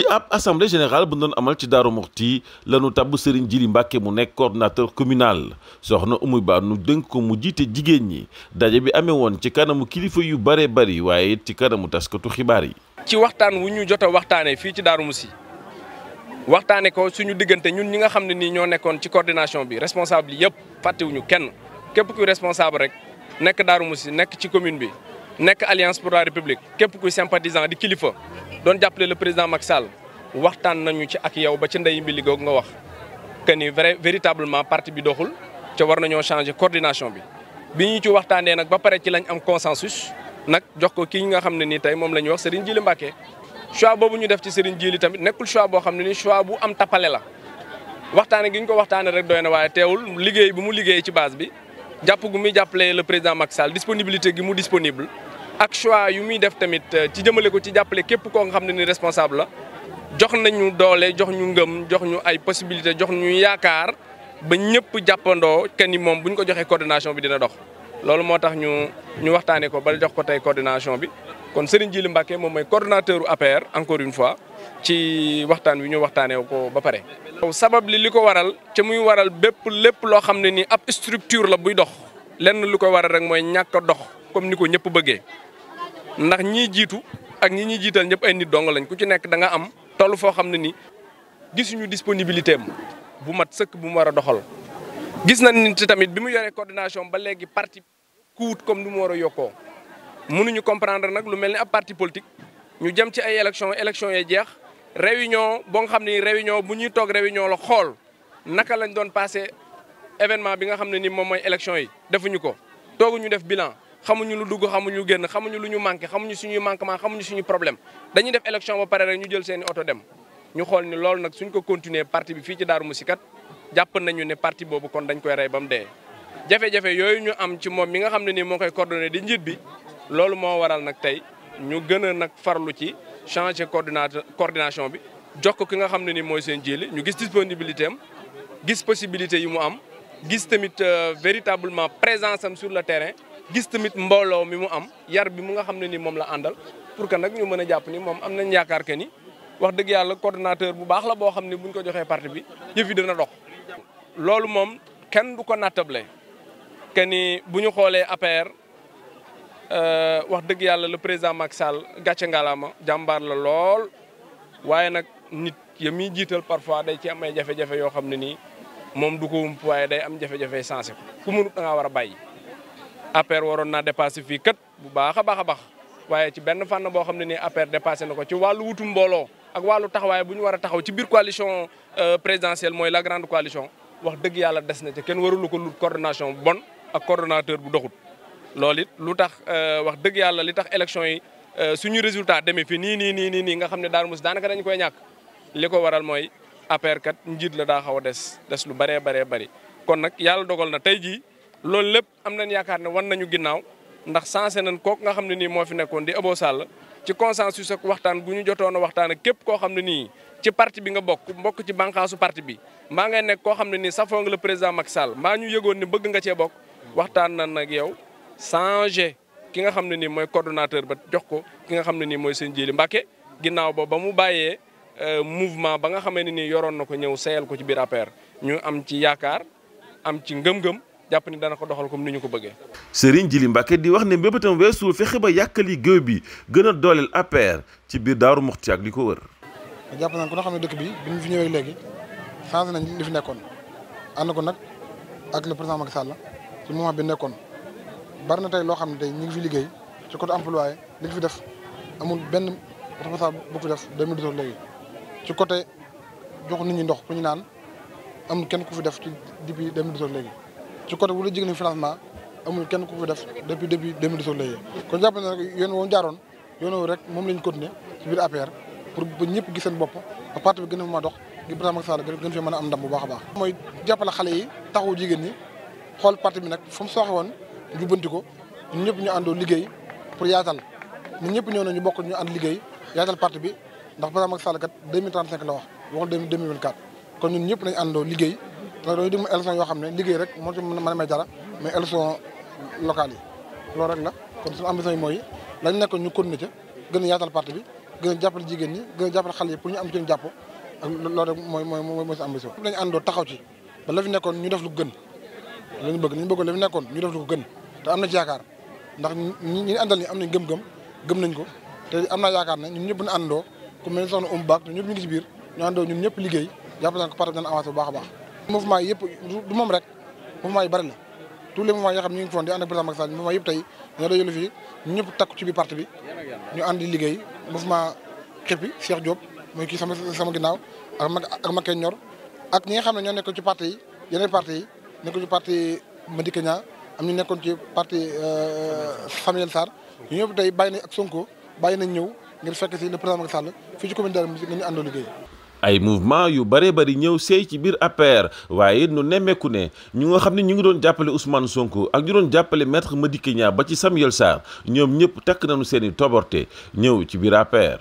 ci assemblée générale bu doon amal ci daru Muxti lañu tabb Serigne djili Mbàkke mu nekk coordinateur communal soxna umuy Ba nu dënk ko mu jité jigéen ñi dajé bi amé won ci kanamu kilifa yu bare bari waaye ci kanamu taskatu xibaar yi. ci waxtaan wu ñu jot a ci daru Muxti waxtaané ko suñu digënté ñun ñi nga xamné ni ñoo ci coordination bi responsable yëpp wuñu kenn képp kuy responsable rek nekk daru Muxti nekk ci commune bi. nekk alliance pour la république képp kuy sympathisant di kilifa doon jàppale le président Macky Sall waxtaan nañu ci ak yow ba ci ndey mbi ligog nga wax que ni vrai véritablement parti bi doxul ci war nañu changer coordination bi. bi ñu ci waxtaané nak ba paré ci lañ am consensus nak jox ko ki nga xamné ne tay mom lañ la wax Serigne Djili Mbacké choix bobu ñu def ci Serigne Djili tamit nekul choix bo xamné ne choix bu am tapalé la. waxtaané giñ ko waxtaané rek doyna téwul liggéey bu mu liggéey ci base bi japp gu mi le président Macky Sall disponibilité gi mu disponible. ak choix yu mi def tamit euh, ci jëmele ko ci jàppale képp ko nga xamné ni responsable la jox nañu doole jox ñu ngëm jox ñu ay possibilité jox ñu yaakar ba ñepp jappando que ni buñ ko joxe coordination bi dina dox. lolu motax ñu ñu waxtane ko ba jox ko tay coordination bi kon Serigne Djily mbake mom mooy coordinateur APR encore une fois ci waxtan wi ñu waxtane ko ba paré sabab li liko ko waral ci muy waral bépp lépp lo xamné ni ab structure la buy dox lenn lu ko waral rek moy ñaka dox comme ni ko bëggé ndax ñi jitu ak ñi ñi jital ñepp ay nit dong lañ ku ci nekk da nga am. toll fo xamni ni gisunu disponibilité bu mat seuk bu mu war doxal gis nañ ni tamit bimu yoree coordination ba léegi parti kuwut comme ni mu war a yokkoo mënuñu comprendre nak lu melni ni ab parti politique ñu jëm ci ay élection élection yi jeex réunion bo nga xam réunion bu ñuy réunion la xol naka lañ doon passé événement bi nga xamni ni élection yi defuñu ko tooguñu def bilan xamuñu lu dugg xamuñu génn xamuñu lu ñu manqué xamuñu suñuy manquement xamuñu suñu problème dañuy def élection ba pare rek ñu jël seeni i oto dem ñu xool ni loolu nag suñ ko continuer parti bi fii ci daar Mousty kat jàpp nañu ne parti boobu kon dañ koy rey ba mu dee jafe-jafe yooyu ñu am ci moom mi nga xam ne nii moo koy coordonné di njiit bi loolu moo waral nag tey ñu gën a nag farlu ci changé coordinateur coordination bi jox ko ki nga xam ne ni mooy seen jili ñu gis disponibilité am gis possibilité yi mu am gis tamit euh, véritablement présence am sur le terrain gis tamit mbooloo mi mu am yar bi mu nga xam ne ni moom la àndal pour que nag ñu mën a jàpp ni moom am nañ yaakaar que ni wax dëgg yàlla coordonnateur bu baax la boo xam ne buñ ko joxee parti bi yëf na dina dox. loolu moom kenn du ko nattable que ni bu ñu xoolee APR euh, wax dëgg yàlla la président Macky Sall gàcce ngalaama jàmbaar la lool waaye nag nit ya muy jiital parfois day ci am ay jafe-jafe yoo xam ne nii moom du ko wump waaye day am jafe-jafe sensé ku mënut da war a bàyyi. APR waroon na dépassé fii kat bu baax a baax a baax waaye ci benn fànn boo xam ne ni APR dépassé na ko ci wàllu wutum mbooloo ak wàllu taxawaay bu ñu war a taxaw ci biir coalition euh, présidentielle mooy la grande coalition wax dëgg yàlla des na ci kenn warulu ko lu coordination bu bon a coordonnateur bu doxut loolu it lu tax euh, wax dëgg yàlla li tax élection yi euh, suñu résultat deme fi nii nii nii nii nii nga xam ne Darou Mouhty daanaka dañ koy ñàkk li ko waral mooy APR njiit la daa xaw a des des lu bëree bëree bëri loolu lépp am nañ yaakaar ne wan nañu ginnaaw ndax sensé nañ kooku nga xam ne nii moo fi nekkoon di abo Sall ci consensus ak waxtaan gu ñu jotoon a waxtaan ak képp koo xam ne nii ci parti bi nga bokk mbokk ci bànqaasu parti bi maa ngay nekk ko xam ne nii safoo nga le président Macky Sall mbaa ñu yëgoon ne bëgg nga ceebok waxtaan nañ nag yow changé ki nga xam ne nii mooy coordonnateur ba jox ko ki nga xam ne nii mooy seen Jili Mbàkke ginnaaw ba ba mu bàyyee euh, mouvement ba nga xamee ne nii yoroon na ko ñëw seeyal ko ci biir APR ñu am ci yaakaar am ci ngëm jàpp ni dana ko doxal comme ni ñu ko bëggee. Serigne Jili Mbacke di wax ne mbébétam weesu fexe ba yàkkali géew bi gën a dooleel APR ci biir Daaru Muxti ak li ko wër. jàpp nañ ko nga xam ne dëkk bi bi ñu fi ñëwee léegi changé nañ li fi nekkoon ànd ko nag ak le président Macky Sall ci bi nekkoon bari na tey loo xam ne tey ñu ngi fi liggéey ci côté emploi li fi def amul benn responsable bu ko def 2012 léegi ci côté jox nit ñi ndox ku ñu naan amul kenn ku fi def ci depuis 2012 léegi. ci côté bu la jigéen financement amul kenn ku ko def depuis début 2017 la kon jàpp na rek yoon woon jaaroon yoon rek moom la ñu continuer ci biir APR pour ba ñëpp gis seen bopp ba parti bi gën a mën a dox ngir président Macky Sall gën fee mën a am ndam bu baax a baax. mooy jàppale xale yi taxawu jigéen ñi xool parti bi nag fu mu sooxe woon jubbanti ko ñëpp ñu àndoo liggéey pour yaatal nu ñëpp ñëw na ñu bokk ñu ànd liggéey yaatal parti bi ndax ba Macky Sall kat 2035 la wax waxul 2024 kon ñun ñëpp nañ àndoo liggéey ndax yooyu di mu élection yoo xam ne liggéey rek moo ci mën a may dara mais élection locale yi loolu rek la kon suñu ambition yi mooy lañ nekkoon ñu continuer ca gën a yaatal parti bi gën a jigéen ñi gën a pour ñu am ci ñu jàpp ak loolu rek mooy mooy mooy suñu ambition dañu àndoo taxaw ci ba nekkoon ñu def lu gën lañu bëgg lañu bëggoon la nekkoon ñu def lu ko gën te am na ci yaakaar am nañ gëm-gëm gëm nañ ko te am naa yaakaar ne ñun ñëpp ñu àndoo ku mel ni soxna um baak ñun ñëpp ñu ngi ci biir ñu àndoo ñun ñëpp liggéey jàpp naa ko parti dana avancé bu baax a baax mouvement yëpp du moom rek mouvement yi bari na tous les mouvements yoo xam ne ñu ngi foon di ànd ak président Macky Sall mouvement yëpp tey ñoo ñëpp takku ci biir parti bi ñu ànd liggéey mouvement xippi Cheikh Diop mooy kii sama sama ginnaaw ak ma ak Macky ñor ak ñi nga xam ne ñoo nekkoon ci parti yi yeneen parti yi nekkoon ci parti Madické am ñu nekkoon ci parti euh, Samuel Sarr ñu ñëpp tey bàyyi nañ ak Sonko bàyyi nañ ñëw ngir fekk si le président Macky Sall fii ci commune Darou Mouhty nga ñu àndoo liggéey ay mouvement yu bare bari ñëw seey ci biir APR waaye nu nemmeeku ne ñu nga xam ne ñu ngi doon jàppale Ousmane Sonko ak ñu doon jàppale ma dikke Niang ba ci Samuel Sarr ñoom ñëpp takk nañu seeni toborte ñëw ci biir APR.